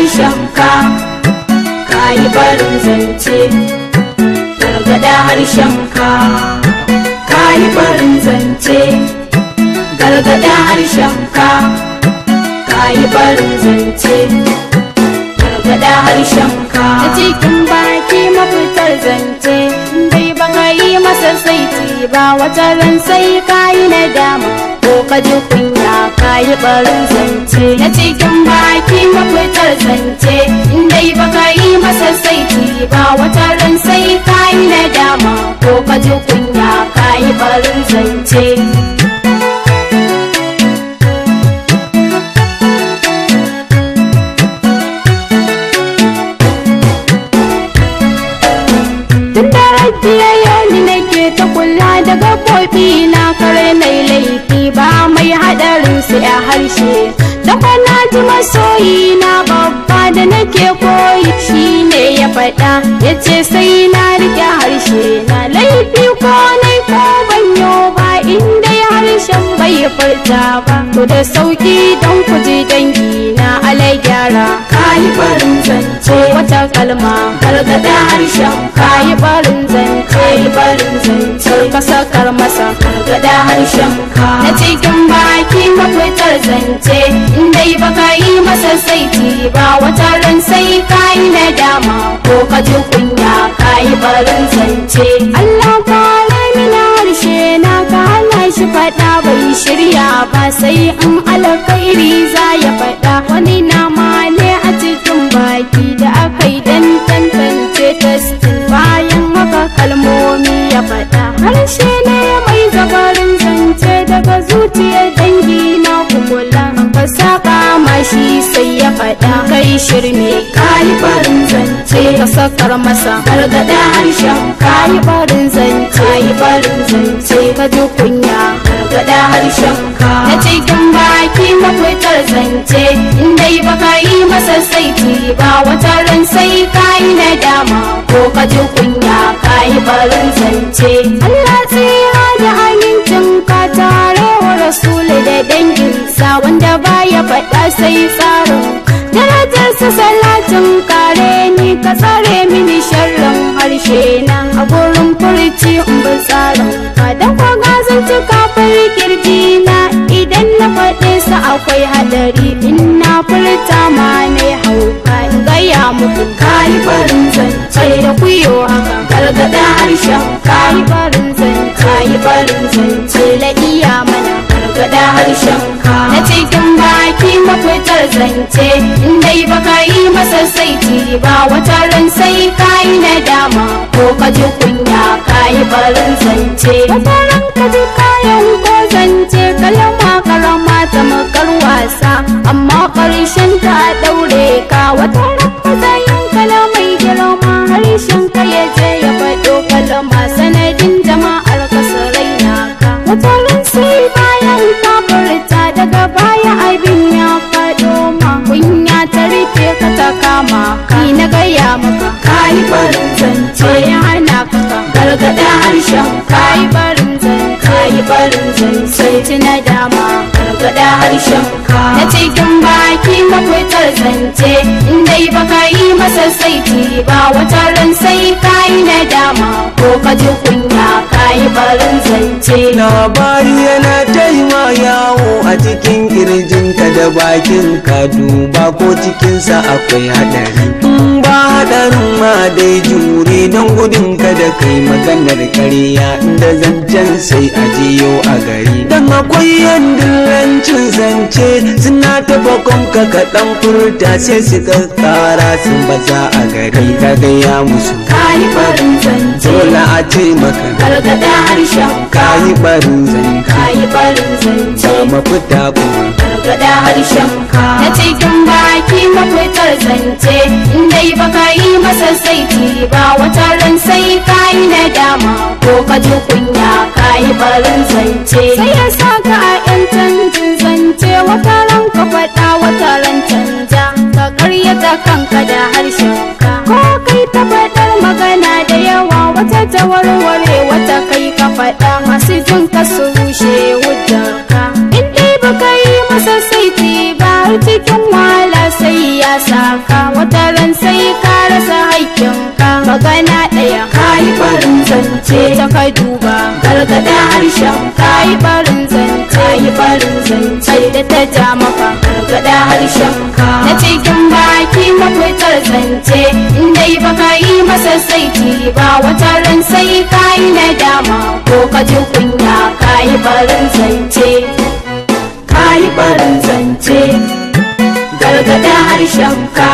yi ka yi barin zance gargada harshenka ka yi barin zance gargada harshenka ka yi barin zance gargada harshenka a cikin baki mafitar zance dai ban yi masa saiti ba wata ran sai ka yi dama ko kaji ji ji barin zance na cikin baki mafitar zance in dai baka yi masa saiti ba wata ran sai ka yi nadama ko ka ji kunya ka yi barin zance wasu 'ya harshe da na ji masoyi na babba da nake koyi shine ya faɗa yace sai na riƙe harshe na laifi ko ne ko banyo ba inda ya harshen bai furta ba to da sauki don ku ji dangi na alai gyara kayi barin zance wata kalma da harshen kayi barin zance yi barin zance kasa karmasa masa gargada harshen ka na cikin baki ka fitar zance in dai baka yi masa saiti ba wata ran sai kayi na dama ko ka ji kunya kayi barin zance Allah ka lamina harshe na ka hana shi faɗa bai shirya ba sai an alkhairi shirme kayi barin zance ka sakar masa gargada harshen kayi barin zance yi barin zance ka ji kunya gargada harshen ka na cikin baki mafitar zance in dai ba ka yi masa saiti ba wata ran sai yi na dama ko ka ji kunya kayi barin zance Allah tsira da amincin ka tare wa rasulu da sa wanda baya faɗa sai tsarin su salatin kare ni ka tsare mini sharrin harshe na a gurin furci in bi tsarin kadan ko cika kirji na idan na faɗe su akwai hadari in na furta ma ne hauka in gaya muku kayi barin zance da kuyo haka gargada harshen kayi barin zance kayi barin zance la iya mana gargada harshen ka bakin baki mafitar zance in dai baka yi masa saiti ba wata ran sai ka yi dama ko ka ji kunya ka yi barin zance wata ran ka ji kayan ko zance kalama karama ta makar wasa amma karshen ta daure ka wata ran ka zayin kalamai girma harshen ka ya je ya faɗo shakka na cikin baki mafitar zance in dai baka yi masa saiti ba wata ran sai ka yi na dama ko ka ji kunya ka yi barin zance labari yana ta yi ma yawo a cikin kirjinka da bakin ka duba ko cikinsa akwai haɗari dan ma dai jure don gudun kada kai maganar karya da zancen sai a a gari akwai yandun cin zance suna ta bakon ka kaɗan furta sai su tsara sun za a gari ka gaya musu kayi barin zance dole a ce maka gargaɗa ka. kayi barin zance kayi barin zance mafuta kuma gargada harshen ka na cikin baki mafitar zance sassaiti ba wata ran sai ka yi dama ko ka ji kunya ka yi barin zance sai ya sa ka a yan canjin zance wata ran ka faɗa wata ran canja ka karyata kanka da harshen ka ko kai ta faɗar magana da yawa wata ta warware wata kai ka faɗa masu jin ka ka duba gargada harshen ka yi barin zance ka yi barin zance da ta ja maka gargada harshen ka na cikin baki mafitar zance in dai baka yi masa saiti ba wata ran sai ka yi dama ko ka ji kunya ka yi barin zance ka yi barin zance gargada harshen ka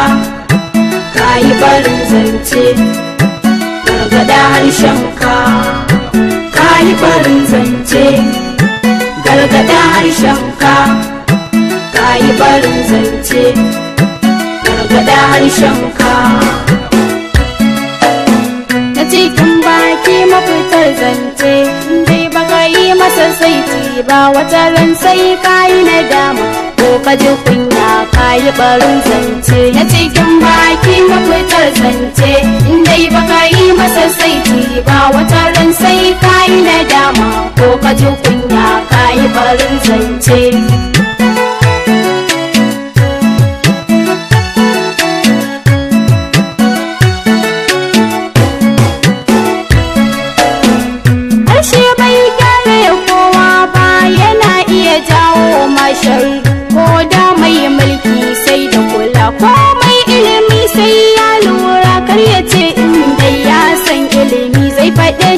ka yi barin zance da harshenka ka yi barin zance gargada harshenka ka yi barin zance gargada ta cikin baki mafitar zance dai baka yi masa saiti ba wata ran sai ka yi nadama ko ka ji kunya ka yi barin zance ta cikin baki mafitar zance ka kunya ka yi barin zance harshe bai gyara kowa ba yana iya jawo mashari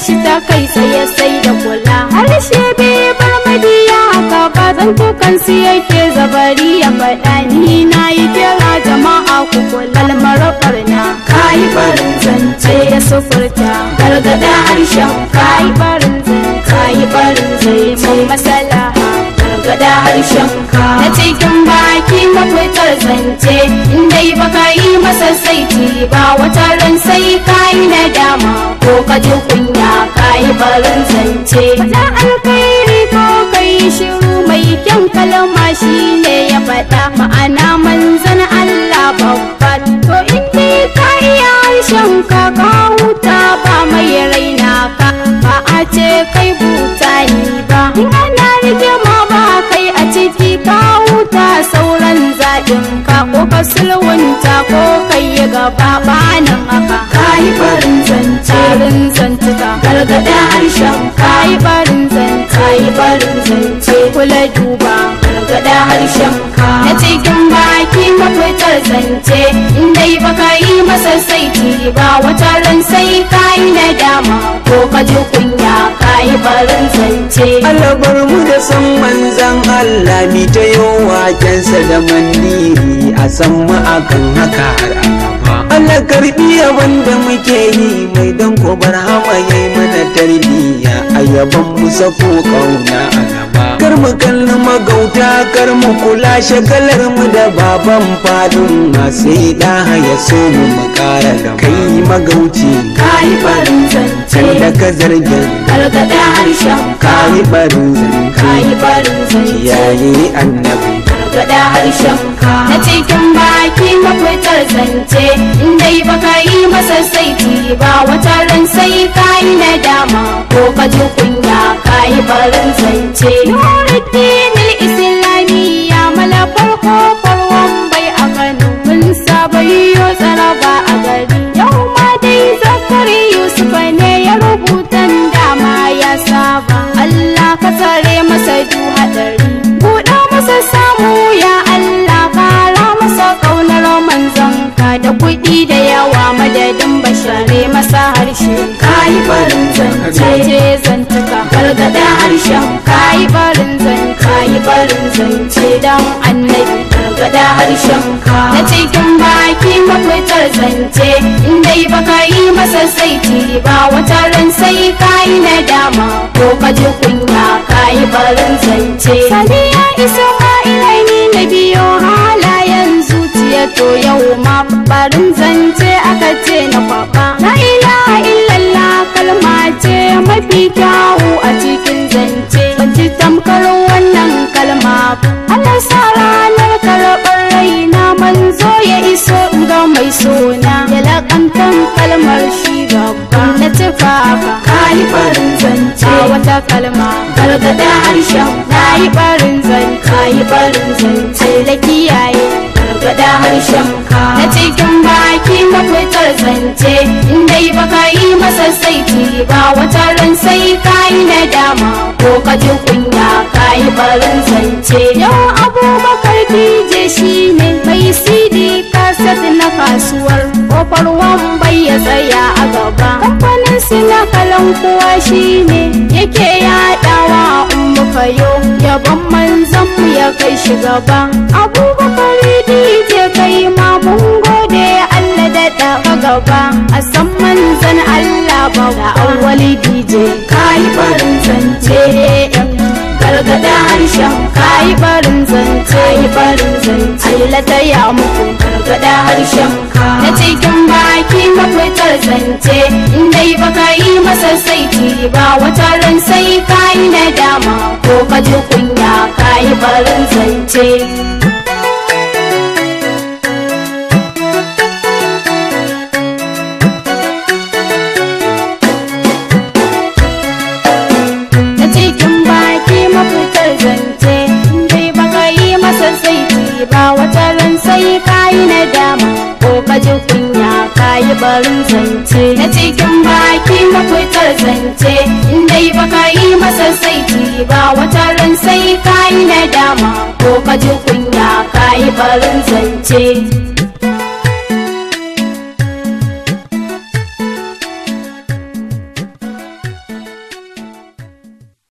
shi ta kai tsaye sai da kula harshe biyu bar ya haka ba zan kukan su yake zabari ya faɗa ni na yi kira jama'a ku kula almara barna ka yi barin zance ya sufurta gargada harshen ka yi barin zance ka yi barin zai masala faɗa harshen ka na cikin baki ka fitar zance in dai baka yi masa saiti ba wata ran sai ka yi dama. ko ka ji kunya ka yi barin zance faɗa alkhairi ko kai shiru mai kyan kalma shi ne ya faɗa ma'ana manzan Allah babba to in dai ka iya harshen ka ka huta ba mai raina ka ba a ce ka sauran zaɓin ka ko ka sulwunta ko kai yi gaba banan haka ka yi barin zance barin zance ka gargaɗa harshen ka yi barin zance ka yi barin zance kula duba gargaɗa harshen ka na cikin baki fitar zance in dai baka yi masa saiti ba wata ran sai ka yi nadama ko ka ji kunya ka yi farin zance Allah mu da san manzan Allah mi ta wakensa da mandiri a san mu akan haka har Allah karbi da muke yi mai dan kobar hama yayi mana tarbiyya ayaban mu sako kauna kar mu kalli magauta kar mu kula shagalar mu da baban fadin ma sai da ya so mu makara da kai magauci kai farin zance sanda ka zargin karkata harshen ka yi barin zan ka yi barin zan kiyaye annabi karkata harshen ka na cikin baki ka zance in dai baka yi masa saiti ba wata ran sai ka yi dama. ko ka ji kunya ka yi barin zance nuruddin islamiyya malafar kofar wambai a kano mun saba yi tsara ba a gari mu ya Allah kara masa kaunar manzanka da kuɗi da yawa madadin bashare masa harshe kayi barin zance zantaka gargada harshen kayi barin zance kayi barin zance don annabi gargada harshen ka na cikin baki mafitar zance in dai baka yi masa saiti ba wata ran kayi na dama ko ka ji farin zance sani ya iso ka'ilai ni na biyo halayen zuciya to yau ma farin zance aka ce na kwaba la ilaha illallah kalma ce mafi kyawu a cikin zance ban ci tamkar wannan kalma Allah sa ranar karɓar raina manzo ya iso ga mai sona ya laƙantan kalmar shi babba na tufafa yi farin zance a wata kalma gargada harshen na yi farin zance na yi farin zance da kiyaye gargada harshen ka na cikin baki ka zance in dai baka yi masa saiti ba wata ran sai ka yi dama ko ka ji kunya ka yi farin zance yau abubakar dije shine mai sidi kaset na kasuwar kofar wambai ya tsaya a dan kuwa shine yake yadawa ummu fayo yaban manzon mu ya kai shi gaba abubakar dije kai ma mun gode Allah da da gaba a san manzon Allah ba da awwali dije kai barin zance gargada harshen yi barin zance yi barin zance Allah ta ya muku gargada harshen ka na cikin baki mafitar zance in dai baka yi masa saiti ba wata ran sai ka yi dama ko ka ji kunya ka yi barin zance abin kunya kayi barin zance na cikin baki mafitar zance in dai baka yi masa saiti ba wata ran sai na dama ko ka ji kunya kayi barin zance